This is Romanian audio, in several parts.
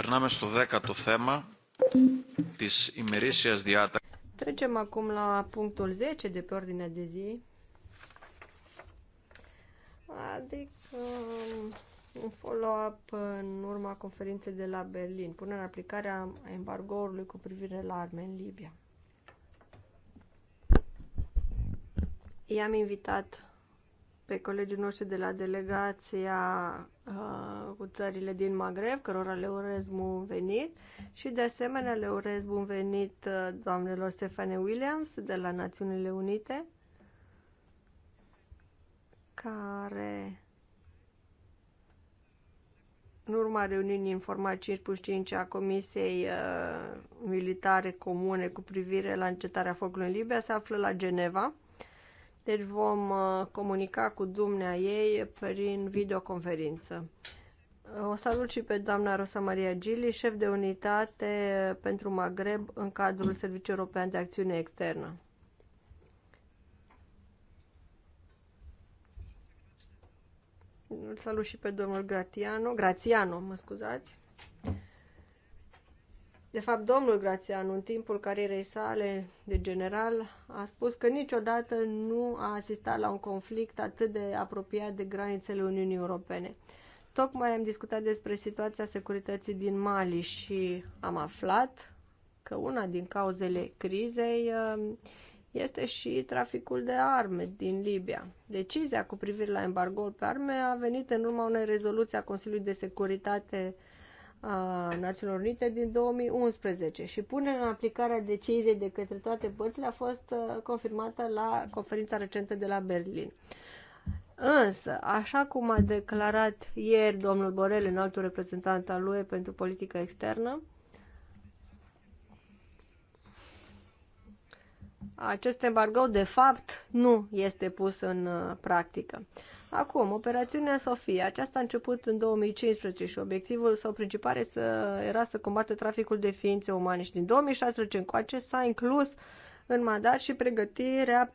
Περνάμε στο δέκατο θέμα της ημερήσιας διάταξης. Trecem acum la punctul 10 de pe ordinea de zi, adică un follow-up în urma conferinței de la Berlin, până în aplicarea embargoului cu privire la arme în Libia. I-am invitat pe colegii noștri de la delegația uh, cu țările din Maghreb, cărora le urez bun venit și de asemenea le urez bun venit uh, doamnelor Stefane Williams de la Națiunile Unite care în urma reuniunii informat 5 5 a Comisiei uh, Militare Comune cu privire la încetarea focului în Libia se află la Geneva deci vom uh, comunica cu dumnea ei prin videoconferință. O salut și pe doamna Rosa Maria Gili, șef de unitate pentru Maghreb în cadrul Serviciului European de Acțiune Externă. Îl salut și pe domnul Gratiano, Grațiano, mă scuzați, de fapt, domnul Grațianu, în timpul carierei sale de general, a spus că niciodată nu a asistat la un conflict atât de apropiat de granițele Uniunii Europene. Tocmai am discutat despre situația securității din Mali și am aflat că una din cauzele crizei um, este și traficul de arme din Libia. Decizia cu privire la embargoul pe arme a venit în urma unei rezoluții a Consiliului de Securitate a Națiunilor Unite din 2011 și punerea în aplicare deciziei de către toate părțile a fost uh, confirmată la conferința recentă de la Berlin. Însă, așa cum a declarat ieri domnul Borel, altul reprezentant al lui pentru politică externă, acest embargo de fapt nu este pus în uh, practică. Acum, operațiunea Sofia, aceasta a început în 2015 și obiectivul său principal să, era să combată traficul de ființe umane și din 2016 încoace s-a inclus în mandat și pregătirea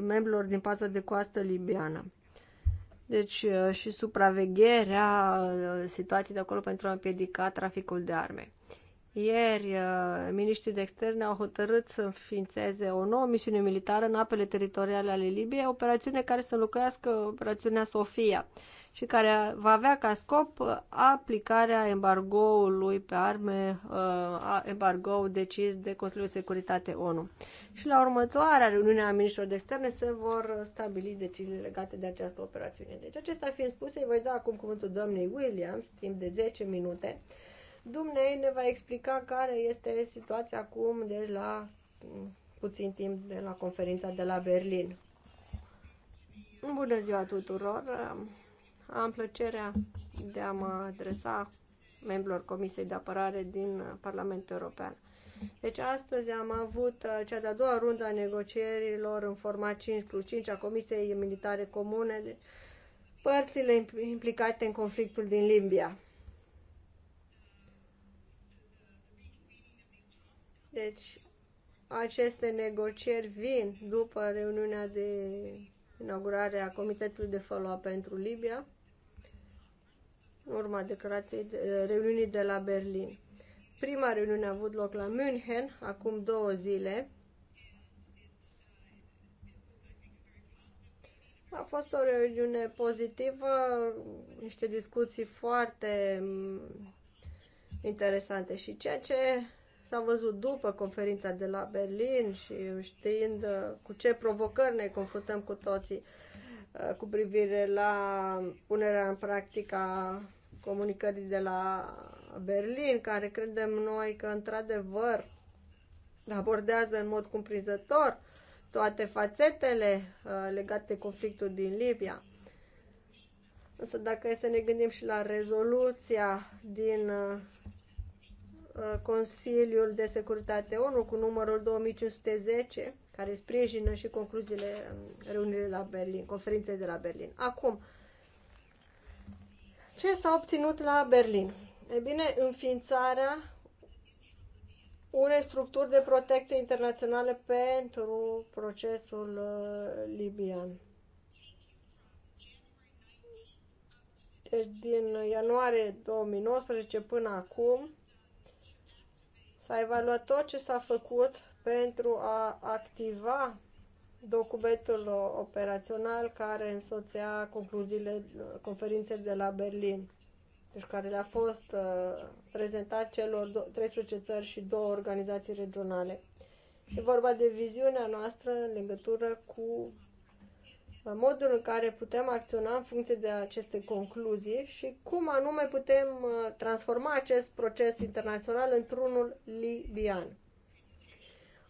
membrilor din paza de coastă libiană. Deci uh, și supravegherea uh, situației de acolo pentru a împiedica traficul de arme. Ieri, uh, miniștrii de externe au hotărât să înființeze o nouă misiune militară în apele teritoriale ale Libiei, operațiune care să înlocuiască operațiunea Sofia și care va avea ca scop uh, aplicarea embargoului pe arme, uh, embargo decis de Consiliul de Securitate ONU. Și la următoarea reuniune a ministrilor de externe se vor stabili deciziile legate de această operațiune. Deci acesta fiind spus, îi voi da acum cuvântul doamnei Williams timp de 10 minute Dumnei ne va explica care este situația acum de la puțin timp de la conferința de la Berlin. Bună ziua tuturor! Am plăcerea de a mă adresa membrilor Comisiei de Apărare din Parlamentul European. Deci astăzi am avut uh, cea de-a doua rundă a negocierilor în format 5 plus 5 a Comisiei Militare Comune, de părțile implicate în conflictul din Libia. Deci, aceste negocieri vin după reuniunea de inaugurare a Comitetului de follow pentru Libia, în urma declarației de, reuniunii de la Berlin. Prima reuniune a avut loc la München, acum două zile. A fost o reuniune pozitivă, niște discuții foarte mm, interesante și ceea ce S-a văzut după conferința de la Berlin și știind uh, cu ce provocări ne confruntăm cu toții uh, cu privire la punerea în practică a comunicării de la Berlin, care credem noi că într-adevăr abordează în mod cumprinzător toate fațetele uh, legate de conflictul din Libia. Însă dacă e să ne gândim și la rezoluția din Uh, Consiliul de Securitate ONU cu numărul 2510, care sprijină și concluziile um, reunirii la Berlin, conferinței de la Berlin. Acum, ce s-a obținut la Berlin? E bine, înființarea unei structuri de protecție internaționale pentru procesul uh, libian. Deci din ianuarie 2019 până acum, S-a evaluat tot ce s-a făcut pentru a activa documentul operațional care însoțea concluziile conferinței de la Berlin, deci care le-a fost uh, prezentat celor 13 țări și două organizații regionale. E vorba de viziunea noastră în legătură cu modul în care putem acționa în funcție de aceste concluzii și cum anume putem uh, transforma acest proces internațional într-unul libian.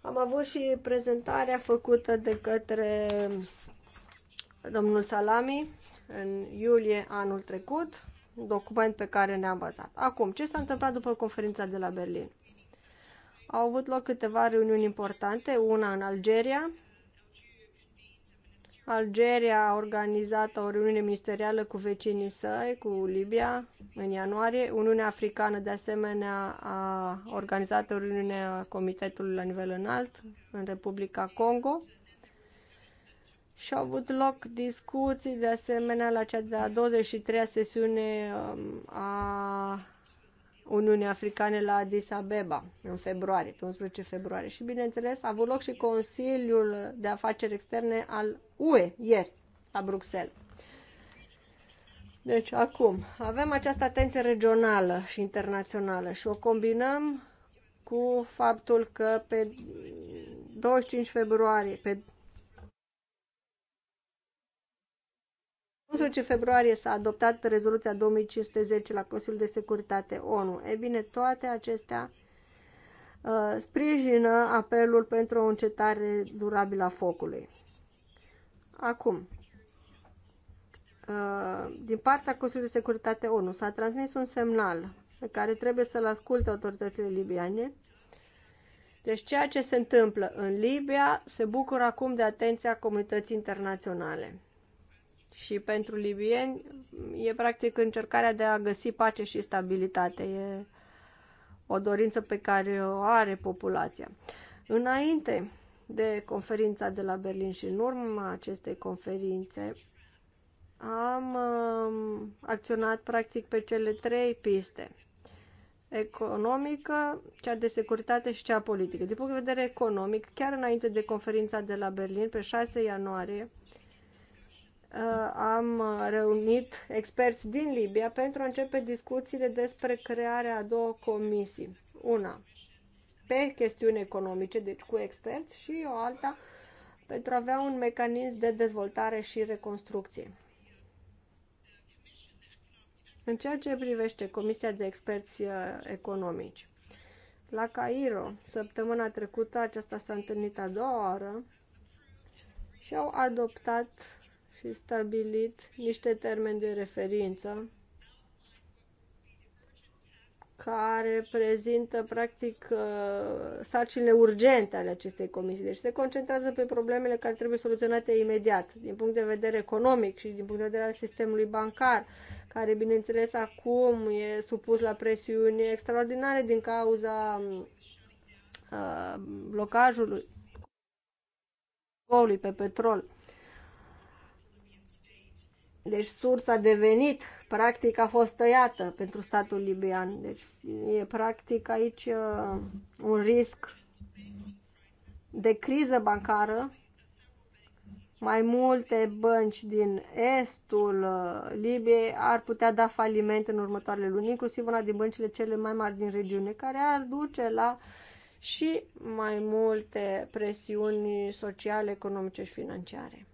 Am avut și prezentarea făcută de către domnul Salami în iulie anul trecut, un document pe care ne-am bazat. Acum, ce s-a întâmplat după conferința de la Berlin? Au avut loc câteva reuniuni importante, una în Algeria, Algeria a organizat o reuniune ministerială cu vecinii săi, cu Libia, în ianuarie. Uniunea Africană, de asemenea, a organizat o reuniune a Comitetului la nivel înalt în Republica Congo. Și au avut loc discuții, de asemenea, la cea de-a 23-a sesiune um, a Uniunii Africane la Addis Abeba în februarie, pe 11 februarie. Și, bineînțeles, a avut loc și Consiliul de Afaceri Externe al UE ieri la Bruxelles. Deci, acum, avem această atenție regională și internațională și o combinăm cu faptul că pe 25 februarie, pe 11 februarie s-a adoptat rezoluția 2510 la Consiliul de Securitate ONU. E bine, toate acestea uh, sprijină apelul pentru o încetare durabilă a focului. Acum, uh, din partea Consiliului de Securitate ONU s-a transmis un semnal pe care trebuie să-l asculte autoritățile libiane. Deci ceea ce se întâmplă în Libia se bucură acum de atenția comunității internaționale și pentru libieni e practic încercarea de a găsi pace și stabilitate. E o dorință pe care o are populația. Înainte de conferința de la Berlin și în urma acestei conferințe, am uh, acționat practic pe cele trei piste. Economică, cea de securitate și cea politică. Din punct de vedere economic, chiar înainte de conferința de la Berlin, pe 6 ianuarie, Uh, am uh, reunit experți din Libia pentru a începe discuțiile despre crearea a două comisii. Una pe chestiuni economice, deci cu experți, și o alta pentru a avea un mecanism de dezvoltare și reconstrucție. În ceea ce privește Comisia de Experți uh, Economici, la Cairo, săptămâna trecută, aceasta s-a întâlnit a doua oară și au adoptat și stabilit niște termeni de referință care prezintă practic uh, sarcinile urgente ale acestei comisii. Deci se concentrează pe problemele care trebuie soluționate imediat, din punct de vedere economic și din punct de vedere al sistemului bancar, care bineînțeles acum e supus la presiuni extraordinare din cauza uh, blocajului pe petrol. Deci sursa de venit, practic, a fost tăiată pentru statul libian. Deci e practic aici uh, un risc de criză bancară. Mai multe bănci din estul uh, Libiei ar putea da faliment în următoarele luni, inclusiv una din băncile cele mai mari din regiune, care ar duce la și mai multe presiuni sociale, economice și financiare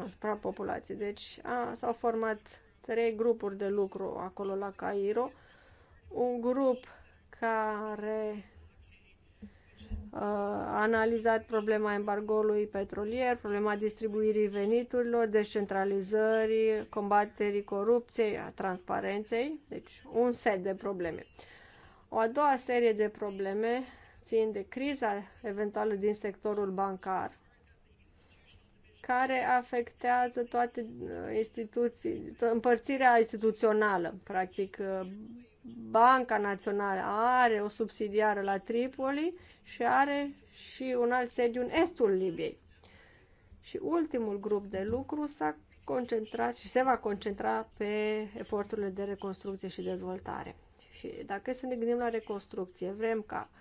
asupra populației. Deci s-au format trei grupuri de lucru acolo la Cairo. Un grup care a analizat problema embargoului petrolier, problema distribuirii veniturilor, descentralizării, combaterii corupției, a transparenței, deci un set de probleme. O a doua serie de probleme țin de criza eventuală din sectorul bancar, care afectează toate uh, instituții, împărțirea instituțională, practic uh, Banca Națională are o subsidiară la Tripoli și are și un alt sediu în estul Libiei. Și ultimul grup de lucru s-a concentrat și se va concentra pe eforturile de reconstrucție și dezvoltare. Și dacă să ne gândim la reconstrucție, vrem ca uh,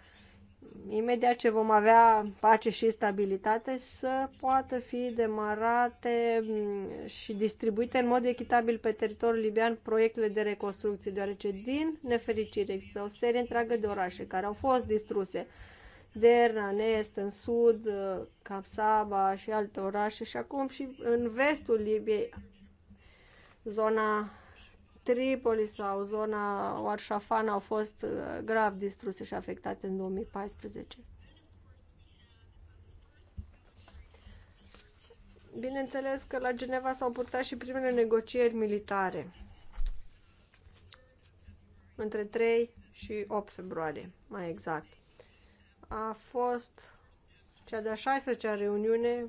imediat ce vom avea pace și stabilitate, să poată fi demarate mm, și distribuite în mod echitabil pe teritoriul libian proiectele de reconstrucție, deoarece, din nefericire, există o serie întreagă de orașe care au fost distruse. Derna, în est, în sud, uh, Capsaba și alte orașe și acum și în vestul Libiei, zona Tripoli sau zona Oarșafan au fost uh, grav distruse și afectate în 2014. Bineînțeles că la Geneva s-au purtat și primele negocieri militare între 3 și 8 februarie, mai exact. A fost cea de-a 16-a reuniune,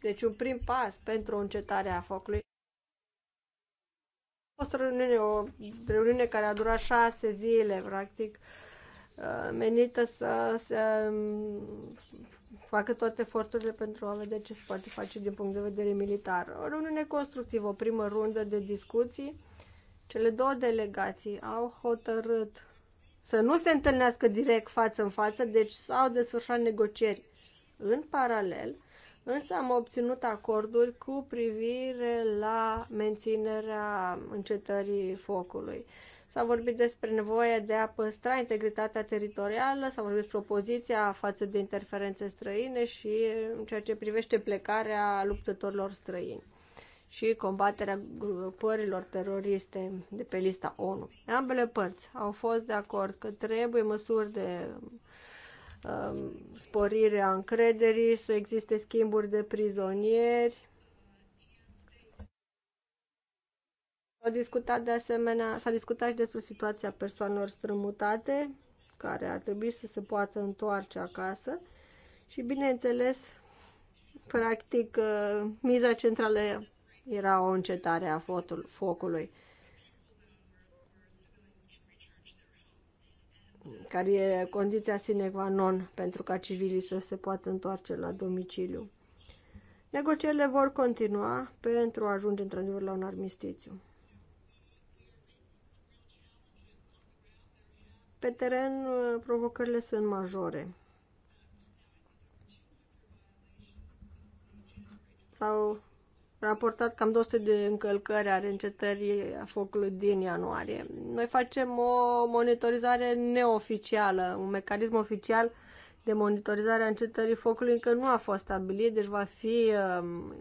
deci un prim pas pentru încetarea focului fost o reuniune, o reuniune care a durat șase zile, practic, uh, menită să, să um, facă toate eforturile pentru a vedea ce se poate face din punct de vedere militar. O reuniune constructivă, o primă rundă de discuții. Cele două delegații au hotărât să nu se întâlnească direct față în față, deci s-au desfășurat negocieri în paralel Însă am obținut acorduri cu privire la menținerea încetării focului. S-a vorbit despre nevoia de a păstra integritatea teritorială, s-a vorbit despre opoziția față de interferențe străine și în ceea ce privește plecarea luptătorilor străini și combaterea grupărilor teroriste de pe lista ONU. Ambele părți au fost de acord că trebuie măsuri de Um, sporirea încrederii, să existe schimburi de prizonieri. S-a discutat de asemenea, s-a discutat și despre situația persoanelor strămutate care ar trebui să se poată întoarce acasă și, bineînțeles, practic, uh, miza centrală era o încetare a focului. care e condiția sine qua non pentru ca civilii să se poată întoarce la domiciliu. Negocierile vor continua pentru a ajunge într-adevăr la un armistițiu. Pe teren, provocările sunt majore. S-au raportat cam 200 de încălcări ale încetării a focului din ianuarie. Noi facem o monitorizare neoficială, un mecanism oficial de monitorizare a încetării focului încă nu a fost stabilit, deci va fi um,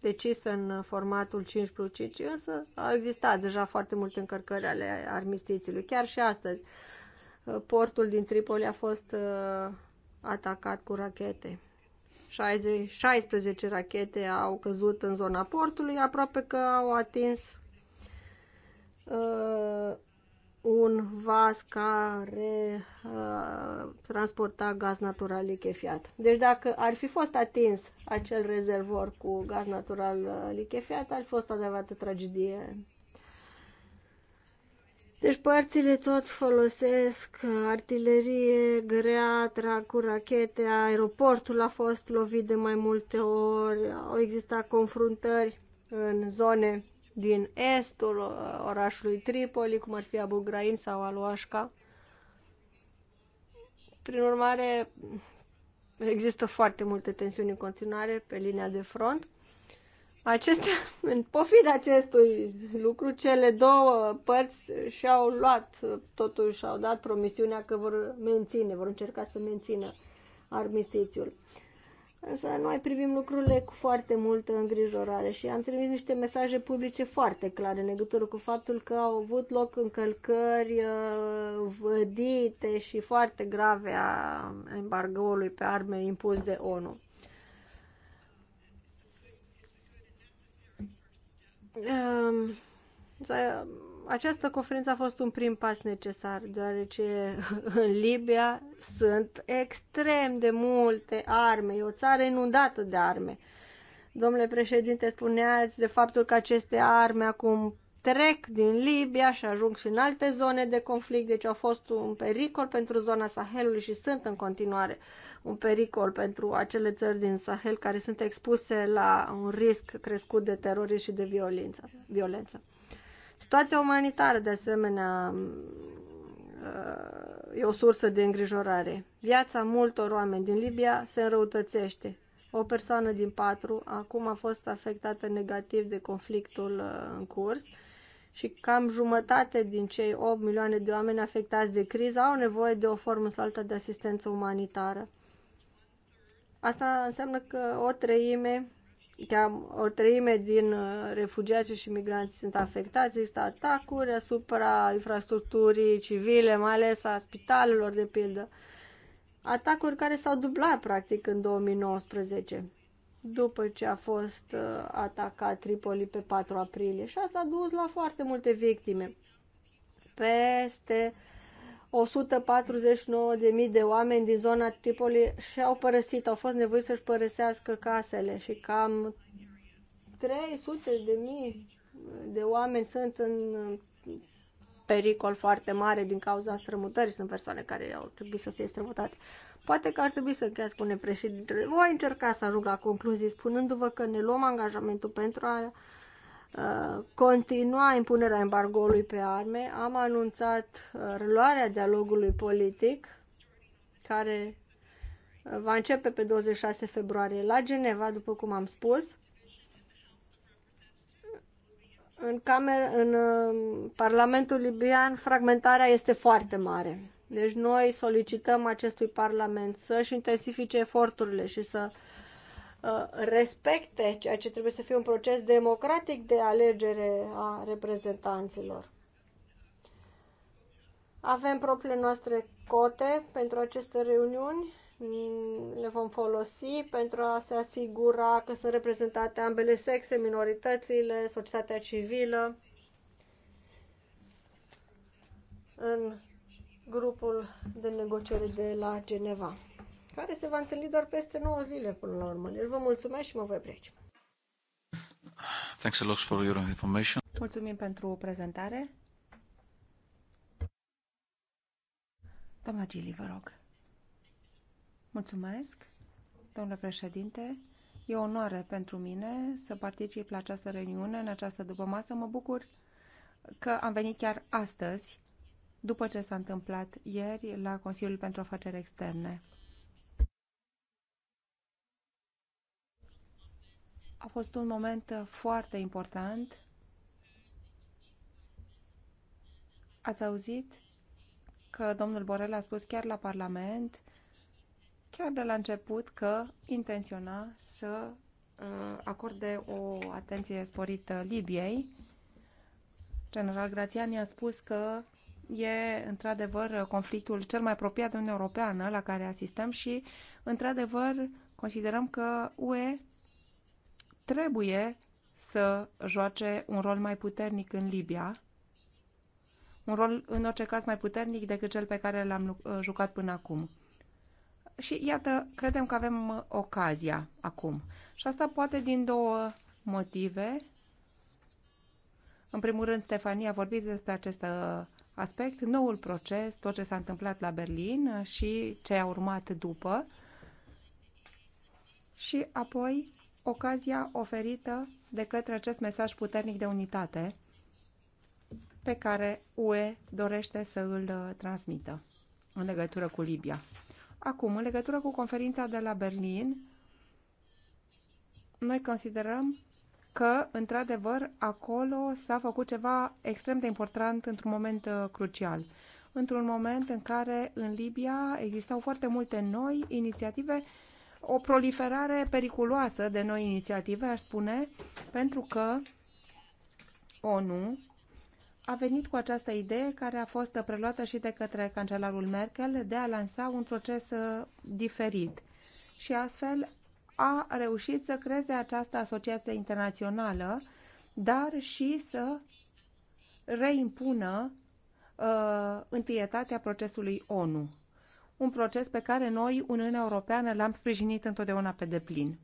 decis în formatul 5 plus 5, însă au existat deja foarte multe încărcări ale armistițiului. Chiar și astăzi, portul din Tripoli a fost uh, atacat cu rachete. 16 rachete au căzut în zona portului, aproape că au atins uh, un vas care uh, transporta gaz natural lichefiat. Deci dacă ar fi fost atins acel rezervor cu gaz natural uh, lichefiat, ar fi fost adevărată tragedie deci părțile tot folosesc artilerie grea, trag cu rachete, aeroportul a fost lovit de mai multe ori, au existat confruntări în zone din estul uh, orașului Tripoli, cum ar fi Abu Ghraib sau Aluașca. Prin urmare, există foarte multe tensiuni în continuare pe linia de front. Acestea, în pofida acestui lucru, cele două părți și-au luat, totuși au dat promisiunea că vor menține, vor încerca să mențină armistițiul. Însă noi privim lucrurile cu foarte multă îngrijorare și am trimis niște mesaje publice foarte clare în legătură cu faptul că au avut loc încălcări uh, vădite și foarte grave a embargoului pe arme impus de ONU. Ehm, această conferință a fost un prim pas necesar, deoarece în Libia sunt extrem de multe arme, e o țară inundată de arme. Domnule președinte, spuneați de faptul că aceste arme acum trec din Libia și ajung și în alte zone de conflict, deci au fost un pericol pentru zona Sahelului și sunt în continuare. Uh, un pericol pentru acele țări din Sahel care sunt expuse la un risc crescut de terorism și de violență. violență. Situația umanitară, de asemenea, uh, e o sursă de îngrijorare. Viața multor oameni din Libia se înrăutățește. O persoană din patru acum a fost afectată negativ de conflictul uh, în curs și cam jumătate din cei 8 milioane de oameni afectați de criză au nevoie de o formă sau alta de asistență umanitară. Asta înseamnă că o treime, chiar o treime din uh, refugiații și migranți sunt afectați. Există atacuri asupra infrastructurii civile, mai ales a spitalelor, de pildă. Atacuri care s-au dublat, practic, în 2019 după ce a fost uh, atacat Tripoli pe 4 aprilie și asta a dus la foarte multe victime. Peste 149.000 de oameni din zona Tripoli și-au părăsit, au fost nevoiți să-și părăsească casele și cam 300.000 de oameni sunt în pericol foarte mare din cauza strămutării. Sunt persoane care au trebuit să fie strămutate. Poate că ar trebui să încheiați, spune președintele. Voi încerca să ajung la concluzii, spunându-vă că ne luăm angajamentul pentru a continua impunerea embargoului pe arme. Am anunțat uh, reluarea dialogului politic care uh, va începe pe 26 februarie la Geneva, după cum am spus. În, camer, în uh, Parlamentul libian fragmentarea este foarte mare. Deci noi solicităm acestui Parlament să-și intensifice eforturile și să uh, Uh, respecte ceea ce trebuie să fie un proces democratic de alegere a reprezentanților. Avem propriile noastre cote pentru aceste reuniuni, le vom folosi pentru a se asigura că sunt reprezentate ambele sexe, minoritățile, societatea civilă în grupul de negociere de la Geneva care se va întâlni doar peste 9 zile până la urmă. Deci vă mulțumesc și mă voi plece. Thanks a lot for your information. Mulțumim pentru prezentare. Doamna Gili, vă rog. Mulțumesc, domnule președinte. E o onoare pentru mine să particip la această reuniune, în această dupămasă. Mă bucur că am venit chiar astăzi, după ce s-a întâmplat ieri la Consiliul pentru Afaceri Externe. a fost un moment uh, foarte important. Ați auzit că domnul Borel a spus chiar la Parlament, chiar de la început, că intenționa să uh, acorde o atenție sporită Libiei. General Grațian i-a spus că e într-adevăr conflictul cel mai apropiat de Uniunea Europeană la care asistăm și într-adevăr considerăm că UE trebuie să joace un rol mai puternic în Libia, un rol în orice caz mai puternic decât cel pe care l-am uh, jucat până acum. Și iată, credem că avem uh, ocazia acum. Și asta poate din două motive. În primul rând, Stefania a vorbit despre acest uh, aspect, noul proces, tot ce s-a întâmplat la Berlin și ce a urmat după. Și apoi ocazia oferită de către acest mesaj puternic de unitate pe care UE dorește să îl uh, transmită în legătură cu Libia. Acum, în legătură cu conferința de la Berlin, noi considerăm că, într-adevăr, acolo s-a făcut ceva extrem de important într-un moment uh, crucial. Într-un moment în care în Libia existau foarte multe noi inițiative o proliferare periculoasă de noi inițiative, aș spune, pentru că ONU a venit cu această idee care a fost preluată și de către cancelarul Merkel de a lansa un proces uh, diferit și astfel a reușit să creeze această asociație internațională, dar și să reimpună uh, întâietatea procesului ONU un proces pe care noi, Uniunea Europeană, l-am sprijinit întotdeauna pe deplin.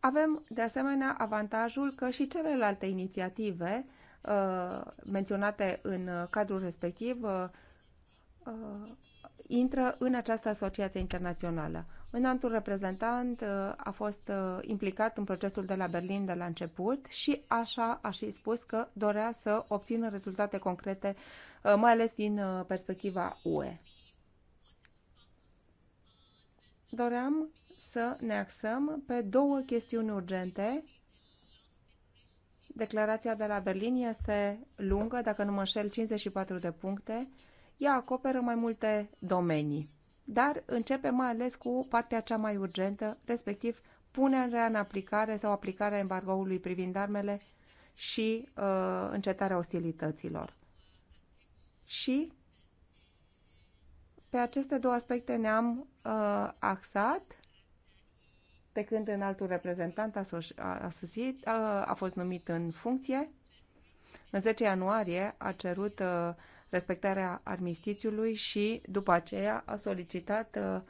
Avem, de asemenea, avantajul că și celelalte inițiative uh, menționate în cadrul respectiv uh, uh, intră în această asociație internațională. Înaltul reprezentant uh, a fost uh, implicat în procesul de la Berlin de la început și așa a și spus că dorea să obțină rezultate concrete, uh, mai ales din perspectiva UE. Doream să ne axăm pe două chestiuni urgente. Declarația de la Berlin este lungă, dacă nu mă înșel, 54 de puncte. Ea acoperă mai multe domenii dar începe mai ales cu partea cea mai urgentă, respectiv punerea în aplicare sau aplicarea embargoului privind armele și uh, încetarea ostilităților. Și pe aceste două aspecte ne-am uh, axat pe când în altul reprezentant a, a, a, susit, a, uh, a fost numit în funcție. În 10 ianuarie a cerut uh, respectarea armistițiului și după aceea a solicitat uh,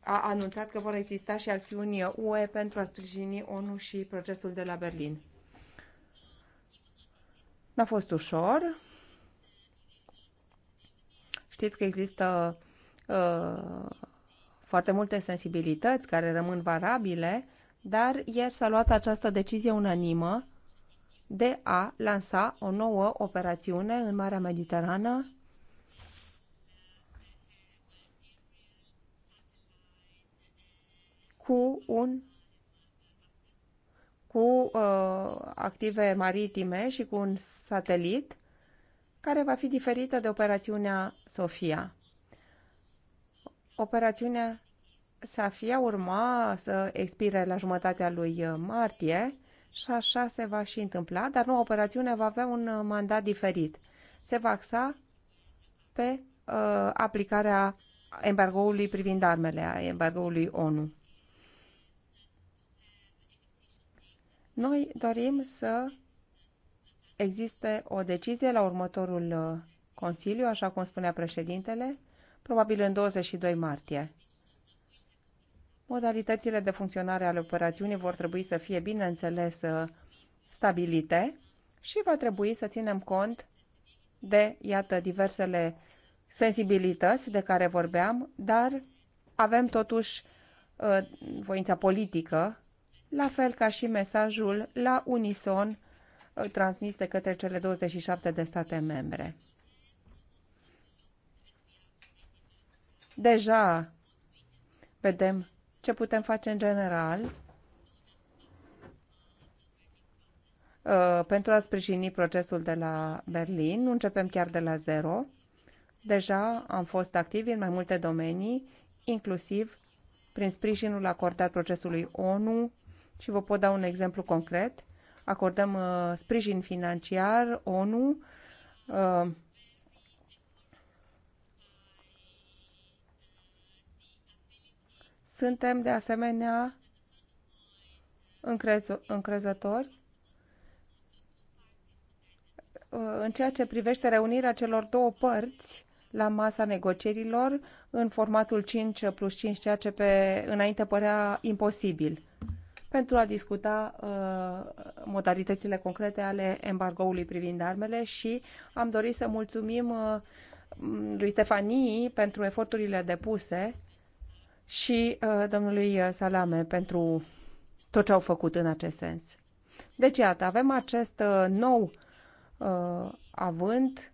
a anunțat că vor exista și acțiuni UE pentru a sprijini ONU și procesul de la Berlin. N-a fost ușor. Știți că există uh, foarte multe sensibilități care rămân varabile, dar ieri s-a luat această decizie unanimă de a lansa o nouă operațiune în Marea Mediterană cu un cu uh, active maritime și cu un satelit care va fi diferită de operațiunea Sofia. Operațiunea Sofia urma să expire la jumătatea lui martie și așa se va și întâmpla, dar noua operațiune va avea un uh, mandat diferit. Se va axa pe uh, aplicarea embargoului privind armele, a embargoului ONU. Noi dorim să existe o decizie la următorul uh, Consiliu, așa cum spunea președintele, probabil în 22 martie. Modalitățile de funcționare ale operațiunii vor trebui să fie, bineînțeles, uh, stabilite și va trebui să ținem cont de, iată, diversele sensibilități de care vorbeam, dar avem totuși uh, voința politică, la fel ca și mesajul la unison uh, transmis de către cele 27 de state membre. Deja vedem ce putem face în general uh, pentru a sprijini procesul de la Berlin. Nu începem chiar de la zero. Deja am fost activi în mai multe domenii, inclusiv prin sprijinul acordat procesului ONU și vă pot da un exemplu concret. Acordăm uh, sprijin financiar ONU uh, Suntem, de asemenea, încrezo- încrezători uh, în ceea ce privește reunirea celor două părți la masa negocierilor în formatul 5 plus 5, ceea ce pe înainte părea imposibil pentru a discuta uh, modalitățile concrete ale embargoului privind armele și am dorit să mulțumim uh, lui Stefanii pentru eforturile depuse și uh, domnului uh, Salame pentru tot ce au făcut în acest sens. Deci, iată, avem acest uh, nou uh, avânt.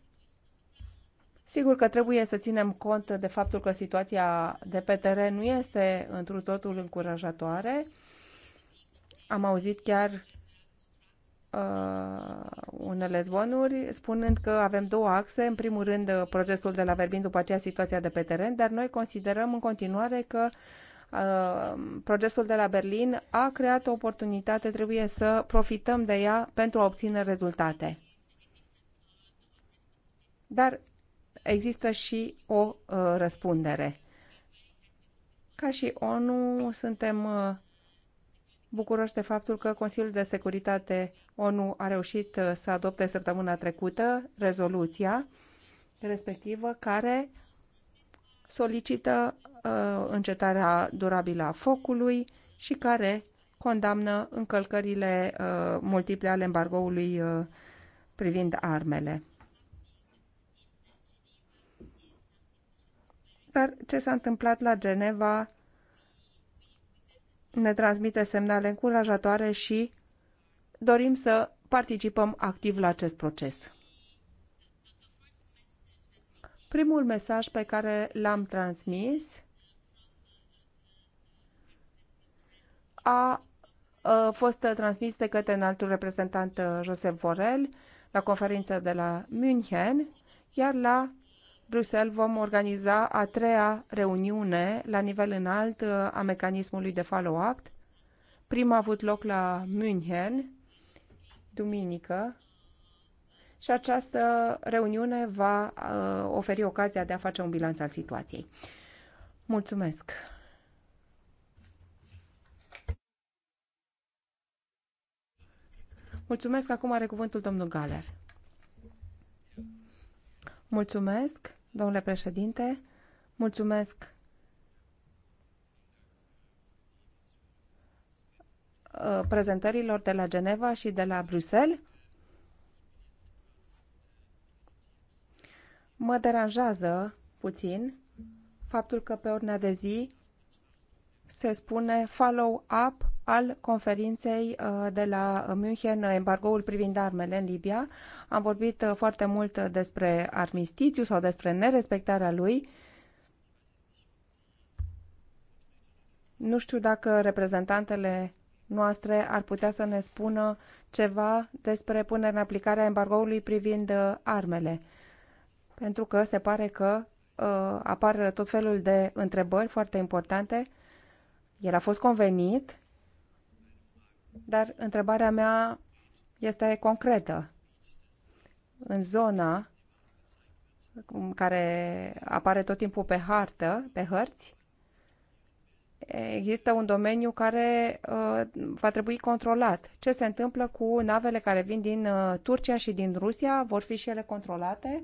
Sigur că trebuie să ținem cont de faptul că situația de pe teren nu este întru totul încurajatoare. Am auzit chiar uh, unele zvonuri, spunând că avem două axe. În primul rând, uh, procesul de la Verbin, după aceea situația de pe teren, dar noi considerăm în continuare că uh, procesul de la Berlin a creat o oportunitate, trebuie să profităm de ea pentru a obține rezultate. Dar există și o uh, răspundere. Ca și ONU, suntem uh, bucuroși de faptul că Consiliul de Securitate ONU a reușit uh, să adopte săptămâna trecută rezoluția respectivă care solicită uh, încetarea durabilă a focului și care condamnă încălcările uh, multiple ale embargoului uh, privind armele. Dar ce s-a întâmplat la Geneva ne transmite semnale încurajatoare și dorim să participăm activ la acest proces. Primul mesaj pe care l-am transmis a fost transmis de către înaltul reprezentant Josep Vorel la conferința de la München, iar la Bruxelles vom organiza a treia reuniune la nivel înalt uh, a mecanismului de follow-up. Prima a avut loc la München, duminică, și această reuniune va uh, oferi ocazia de a face un bilanț al situației. Mulțumesc! Mulțumesc, acum are cuvântul domnul Galer. Mulțumesc, domnule președinte. Mulțumesc uh, prezentărilor de la Geneva și de la Bruxelles. Mă deranjează puțin faptul că pe ordinea de zi se spune follow-up al conferinței uh, de la München, embargoul privind armele în Libia. Am vorbit uh, foarte mult despre armistițiu sau despre nerespectarea lui. Nu știu dacă reprezentantele noastre ar putea să ne spună ceva despre punerea în aplicare a embargoului privind uh, armele. Pentru că se pare că uh, apar tot felul de întrebări foarte importante. El a fost convenit dar întrebarea mea este concretă. În zona care apare tot timpul pe hartă, pe hărți, există un domeniu care uh, va trebui controlat. Ce se întâmplă cu navele care vin din uh, Turcia și din Rusia? Vor fi și ele controlate?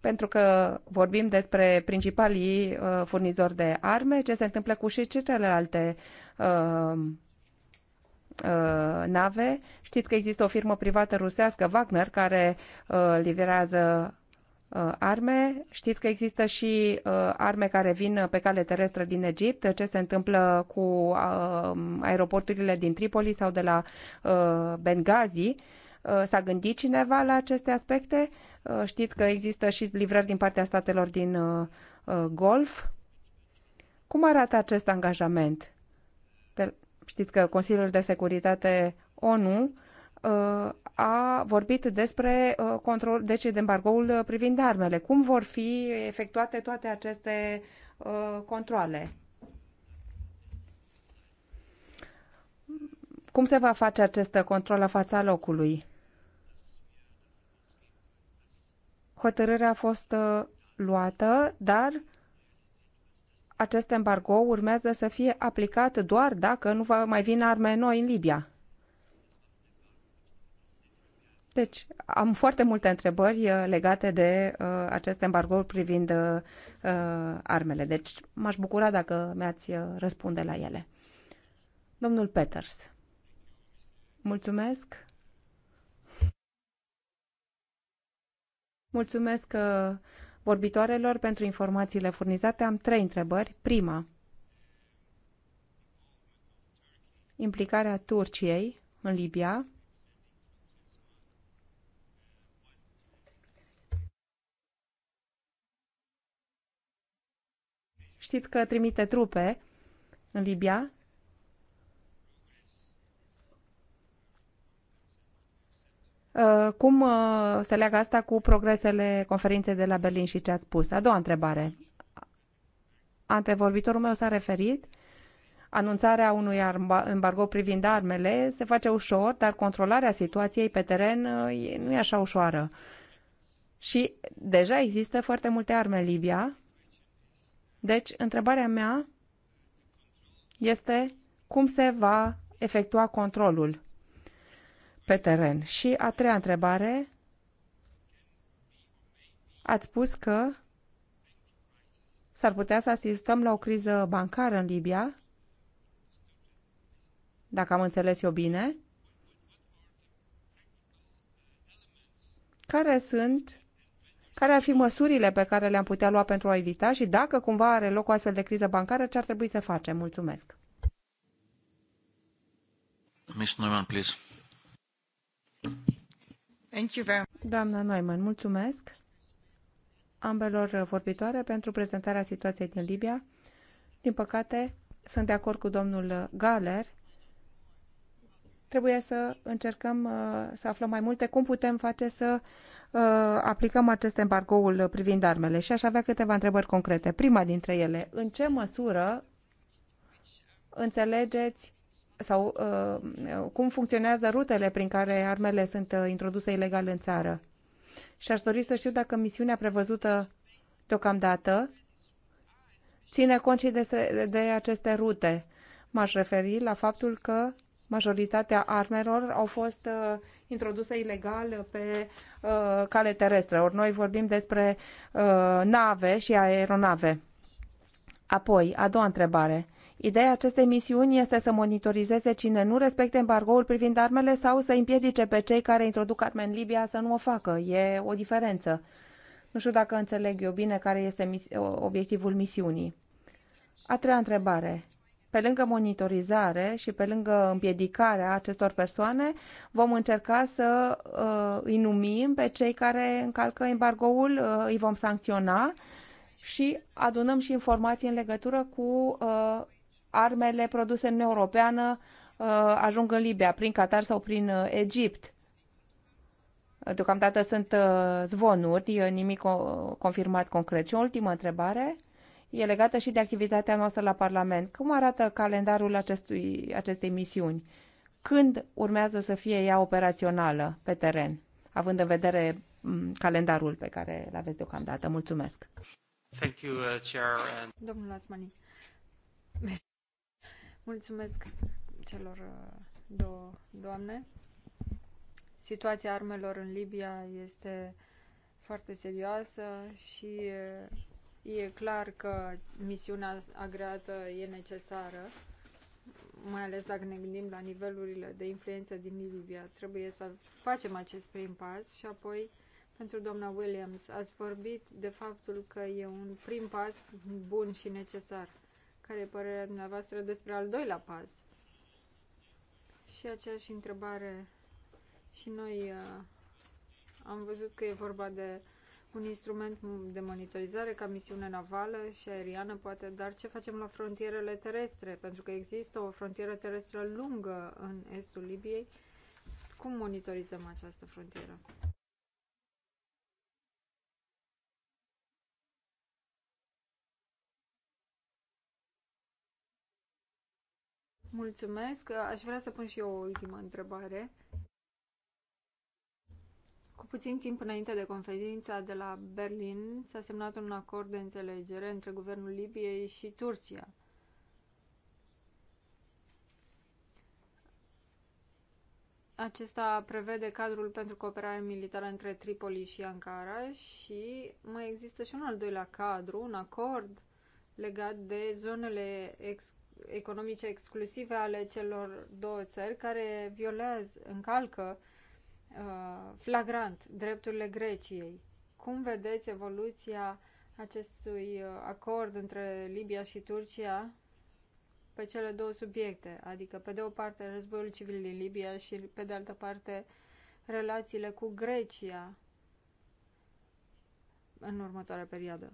Pentru că vorbim despre principalii uh, furnizori de arme, ce se întâmplă cu și celelalte uh, Uh, nave. Știți că există o firmă privată rusească, Wagner, care uh, livrează uh, arme. Știți că există și arme care vin pe cale terestră din Egipt. Ce se întâmplă cu aeroporturile din Tripoli sau de la Benghazi? S-a gândit cineva la aceste aspecte? Știți că există și livrări din partea statelor din Golf. Cum arată acest angajament de, Știți că Consiliul de Securitate ONU uh, a vorbit despre uh, control, deci de embargoul privind armele. Cum vor fi efectuate toate aceste uh, controle? Cum se va face acest control la fața locului? Hotărârea a fost luată, dar acest embargo urmează să fie aplicat doar dacă nu va mai vin arme noi în Libia. Deci, am foarte multe întrebări uh, legate de uh, acest embargo privind uh, uh armele. Deci, m-aș bucura dacă mi-ați uh, răspunde la ele. Domnul Peters. Mulțumesc. Mulțumesc vorbitoarelor pentru informațiile furnizate. Am trei întrebări. Prima, implicarea Turciei în Libia. Știți că trimite trupe în Libia Uh, cum uh, se leagă asta cu progresele conferinței de la Berlin și ce ați spus? A doua întrebare. Antevorbitorul meu s-a referit Anunțarea unui embargo privind armele se face ușor, dar controlarea situației pe teren uh, nu e așa ușoară. Și deja există foarte multe arme în Libia. Deci, întrebarea mea este cum se va efectua controlul pe teren. Și a treia întrebare, ați spus că s-ar putea să asistăm la o criză bancară în Libia, dacă am înțeles eu bine. Care sunt, care ar fi măsurile pe care le-am putea lua pentru a evita și dacă cumva are loc o astfel de criză bancară, ce ar trebui să facem? Mulțumesc. Mr. Neumann, please. Thank Neumann, mulțumesc ambelor vorbitoare pentru prezentarea situației din Libia. Din păcate, sunt de acord cu domnul Galer. Trebuie să încercăm uh, să aflăm mai multe cum putem face să uh, aplicăm acest embargoul privind armele și aș avea câteva întrebări concrete. Prima dintre ele, în ce măsură înțelegeți sau uh, cum funcționează rutele prin care armele sunt uh, introduse ilegal în țară. Și aș dori să știu dacă misiunea prevăzută deocamdată ține cont și de, de aceste rute. M-aș referi la faptul că majoritatea armelor au fost uh, introduse ilegal pe uh, cale terestră. Ori noi vorbim despre uh, nave și aeronave. Apoi, a doua întrebare. Ideea acestei misiuni este să monitorizeze cine nu respecte embargoul privind armele sau să împiedice pe cei care introduc arme în Libia să nu o facă. E o diferență. Nu știu dacă înțeleg eu bine care este obiectivul misiunii. A treia întrebare. Pe lângă monitorizare și pe lângă împiedicarea acestor persoane, vom încerca să uh, îi numim pe cei care încalcă embargoul, uh, îi vom sancționa și adunăm și informații în legătură cu uh, armele produse în Europeană uh, ajung în Libia, prin Qatar sau prin uh, Egipt. Deocamdată sunt uh, zvonuri, nimic confirmat concret. Și o ultimă întrebare e legată și de activitatea noastră la Parlament. Cum arată calendarul acestui, acestei misiuni? Când urmează să fie ea operațională pe teren, având în vedere calendarul pe care îl aveți deocamdată? Mulțumesc! Thank you, uh, Chair. And... Domnul Asmani. Mulțumesc celor uh, două doamne. Situația armelor în Libia este foarte serioasă și uh, e clar că misiunea agreată e necesară, mai ales dacă ne gândim la nivelurile de influență din Libia. Trebuie să facem acest prim pas și apoi pentru doamna Williams. Ați vorbit de faptul că e un prim pas bun și necesar care e părerea dumneavoastră despre al doilea pas. Și aceeași întrebare și noi uh, am văzut că e vorba de un instrument de monitorizare ca misiune navală și aeriană, poate, dar ce facem la frontierele terestre? Pentru că există o frontieră terestră lungă în estul Libiei. Cum monitorizăm această frontieră? Mulțumesc. Aș vrea să pun și eu o ultimă întrebare. Cu puțin timp înainte de conferința de la Berlin s-a semnat un acord de înțelegere între guvernul Libiei și Turcia. Acesta prevede cadrul pentru cooperare militară între Tripoli și Ankara și mai există și un al doilea cadru, un acord legat de zonele ex economice exclusive ale celor două țări care violează, încalcă uh, flagrant drepturile Greciei. Cum vedeți evoluția acestui uh, acord între Libia și Turcia pe cele două subiecte, adică pe de o parte războiul civil din Libia și pe de altă parte relațiile cu Grecia în următoarea perioadă?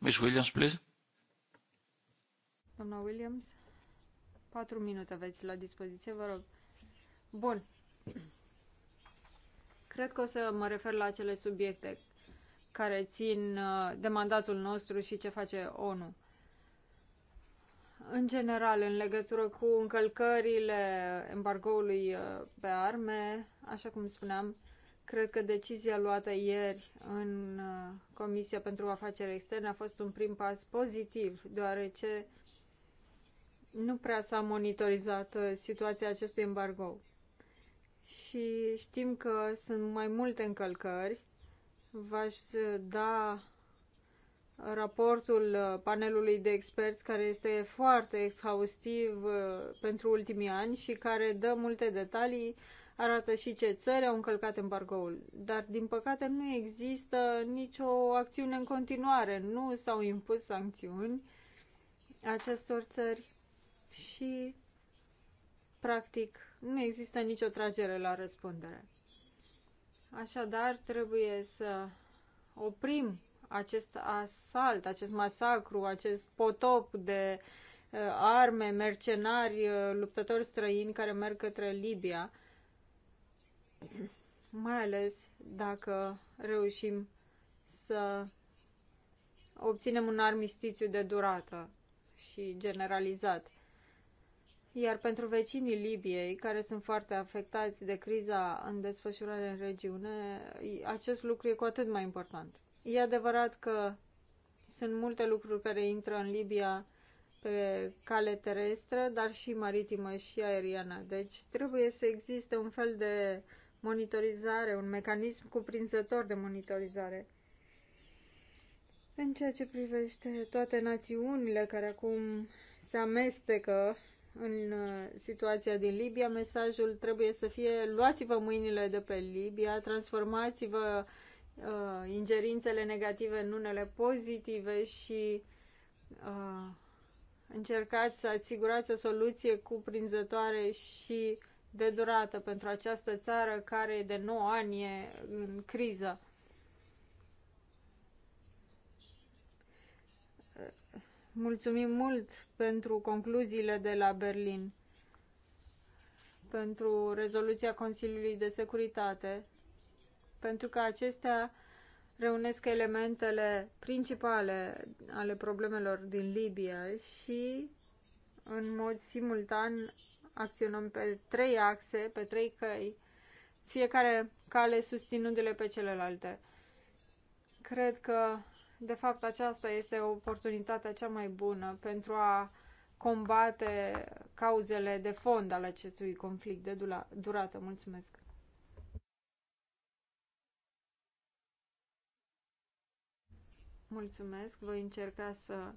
Ms. Williams, please. Doamna Williams, patru minute aveți la dispoziție, vă rog. Bun. Cred că o să mă refer la acele subiecte care țin uh, de mandatul nostru și ce face ONU. În general, în legătură cu încălcările embargoului uh, pe arme, așa cum spuneam, Cred că decizia luată ieri în uh, Comisia pentru Afaceri Externe a fost un prim pas pozitiv, deoarece nu prea s-a monitorizat uh, situația acestui embargo. Și știm că sunt mai multe încălcări. V-aș uh, da raportul panelului de experți care este foarte exhaustiv pentru ultimii ani și care dă multe detalii arată și ce țări au încălcat embargoul. Dar, din păcate, nu există nicio acțiune în continuare. Nu s-au impus sancțiuni acestor țări și, practic, nu există nicio tragere la răspundere. Așadar, trebuie să oprim acest asalt, acest masacru, acest potop de uh, arme, mercenari, uh, luptători străini care merg către Libia mai ales dacă reușim să obținem un armistițiu de durată și generalizat. Iar pentru vecinii Libiei, care sunt foarte afectați de criza în desfășurare în regiune, acest lucru e cu atât mai important. E adevărat că sunt multe lucruri care intră în Libia pe cale terestră, dar și maritimă și aeriană. Deci trebuie să existe un fel de monitorizare, un mecanism cuprinzător de monitorizare. În ceea ce privește toate națiunile care acum se amestecă în uh, situația din Libia, mesajul trebuie să fie luați-vă mâinile de pe Libia, transformați-vă uh, ingerințele negative în unele pozitive și uh, încercați să asigurați o soluție cuprinzătoare și de durată pentru această țară care de 9 ani e în criză. Mulțumim mult pentru concluziile de la Berlin, pentru rezoluția Consiliului de Securitate, pentru că acestea reunesc elementele principale ale problemelor din Libia și, în mod simultan, acționăm pe trei axe, pe trei căi, fiecare cale susținându-le pe celelalte. Cred că, de fapt, aceasta este oportunitatea cea mai bună pentru a combate cauzele de fond ale acestui conflict de durată. Mulțumesc! Mulțumesc, voi încerca să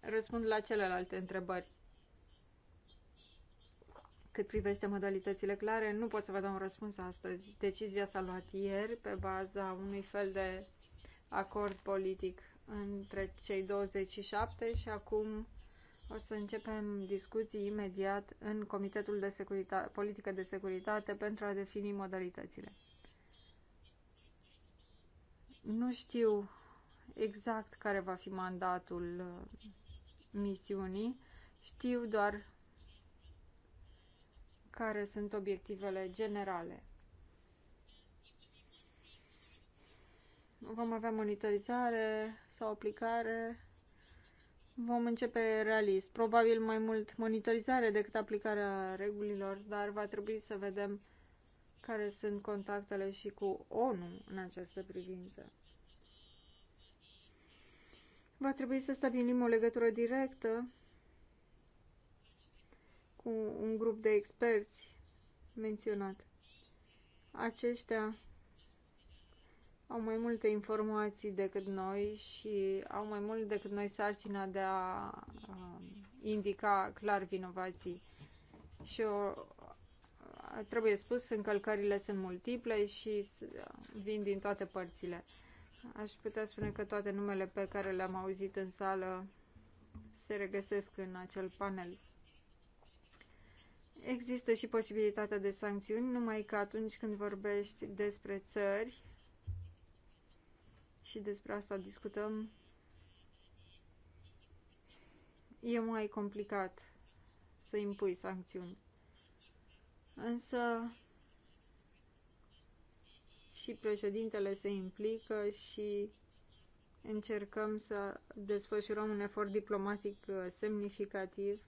răspund la celelalte întrebări. Cât privește modalitățile clare, nu pot să vă dau un răspuns astăzi. Decizia s-a luat ieri pe baza unui fel de acord politic între cei 27 și acum o să începem discuții imediat în Comitetul de Securitate, Politică de Securitate pentru a defini modalitățile. Nu știu exact care va fi mandatul uh, misiunii, știu doar care sunt obiectivele generale. Vom avea monitorizare sau aplicare. Vom începe realist. Probabil mai mult monitorizare decât aplicarea regulilor, dar va trebui să vedem care sunt contactele și cu ONU în această privință. Va trebui să stabilim o legătură directă cu un grup de experți menționat. Aceștia au mai multe informații decât noi și au mai mult decât noi sarcina de a um, indica clar vinovații. Și o, trebuie spus, încălcările sunt multiple și vin din toate părțile. Aș putea spune că toate numele pe care le-am auzit în sală se regăsesc în acel panel. Există și posibilitatea de sancțiuni, numai că atunci când vorbești despre țări, și despre asta discutăm, e mai complicat să impui sancțiuni. Însă și președintele se implică și încercăm să desfășurăm un efort diplomatic uh, semnificativ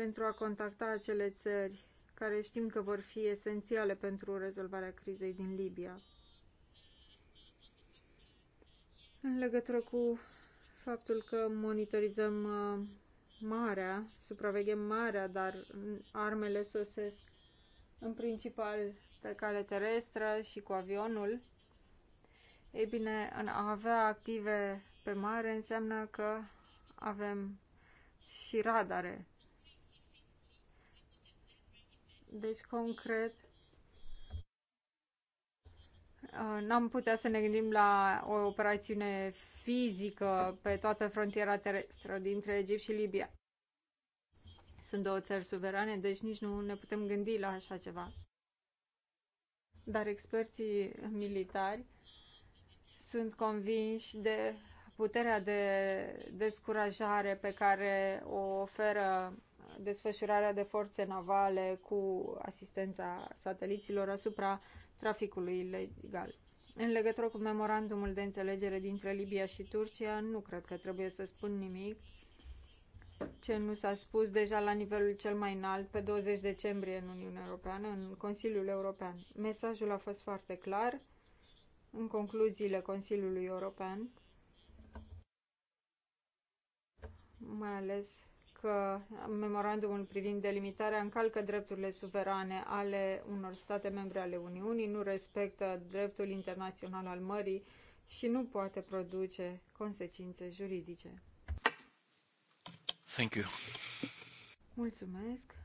pentru a contacta acele țări care știm că vor fi esențiale pentru rezolvarea crizei din Libia. În legătură cu faptul că monitorizăm uh, marea, supraveghem marea, dar armele sosesc în principal pe cale terestră și cu avionul, ei bine, în a avea active pe mare înseamnă că avem și radare deci, concret, uh, n-am putea să ne gândim la o operațiune fizică pe toată frontiera terestră dintre Egipt și Libia. Sunt două țări suverane, deci nici nu ne putem gândi la așa ceva. Dar experții militari sunt convinși de puterea de descurajare pe care o oferă desfășurarea de forțe navale cu asistența sateliților asupra traficului ilegal. În legătură cu memorandumul de înțelegere dintre Libia și Turcia, nu cred că trebuie să spun nimic ce nu s-a spus deja la nivelul cel mai înalt pe 20 decembrie în Uniunea Europeană, în Consiliul European. Mesajul a fost foarte clar în concluziile Consiliului European, mai ales că memorandumul privind delimitarea încalcă drepturile suverane ale unor state membre ale Uniunii, nu respectă dreptul internațional al mării și nu poate produce consecințe juridice. Thank you. Mulțumesc.